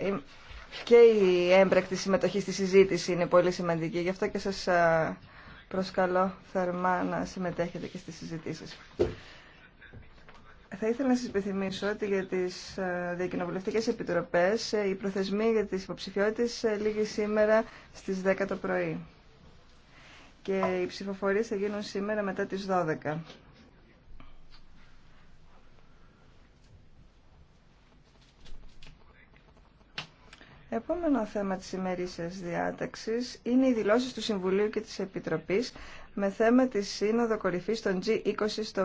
Ε, και η έμπρακτη συμμετοχή στη συζήτηση είναι πολύ σημαντική. Γι' αυτό και σας ε, προσκαλώ θερμά να συμμετέχετε και στις συζητήσεις. Θα ήθελα να σας επιθυμίσω ότι για τις ε, διακοινοβουλευτικές επιτροπές η προθεσμία για τις υποψηφιότητες λήγει σήμερα στις 10 το πρωί. Και οι ψηφοφορίες θα γίνουν σήμερα μετά τις 12. Επόμενο θέμα της ημερήσιας διάταξης είναι οι δηλώσεις του Συμβουλίου και της Επιτροπής με θέμα τη Σύνοδο Κορυφής των G20 στο